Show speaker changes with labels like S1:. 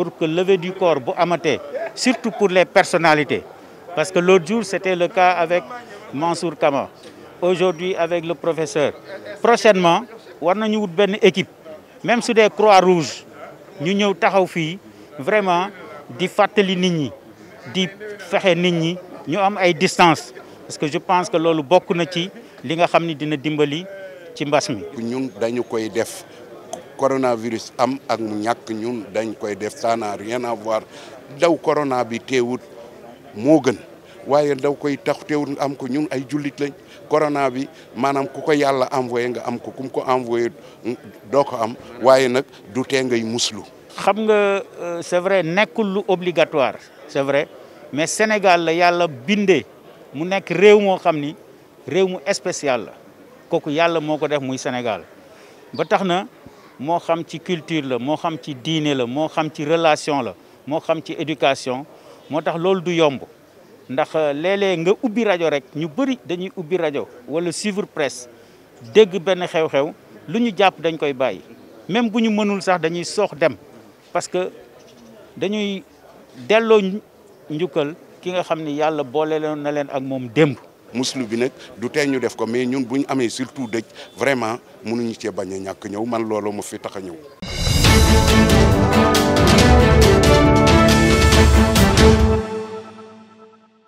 S1: pour que lever du corps surtout pour les personnalités parce que l'autre jour c'était le cas avec Mansour Kama aujourd'hui avec le professeur prochainement nous avons une équipe même sous des croix rouges, nous sommes taxaw fii vraiment di faire nit ñi di fexe ñi ñu am ay distance parce que je pense que c'est Nous na ci li nga xam nous dina dimbali
S2: ci mbas mi. ñun dañu koy coronavirus am ak mu ñàkk ñun dañ koy def ça n'a rien à voir daw corona bi teewut moo gën waaye daw koy tax teewut am ko ñun ay jullit lañ corona bi maanaam ku ko yàlla envoyé nga am ko kum ko envoyé doo ko am waaye nag du tee ngay muslu.
S1: xam nga euh, c'est vrai nekkul lu obligatoire c'est vrai mais Sénégal la yàlla bindee mu nekk réew moo xam ni réew mu spécial la kooku yàlla moo ko def muy Sénégal ba tax na. Mo xam ci culture la mo xam ci diine la mo xam ci relation la mo xam ci éducation motax loolu du yomb ndax euh, lélé nga ubbi radio rek ñu bari dañuy wala suivre presse dégg ben xew-xew lu ñu dañ koy même bu mënul sax dañuy dem parce que dañuy avons ñukal ki nga
S2: muslu bi nag du tey ñu def ko mais ñun bu ñu amee surtout dëj vraiment mënuñu cee bañ a ñàkk ñëw man loolu ma fi tax a ñëw.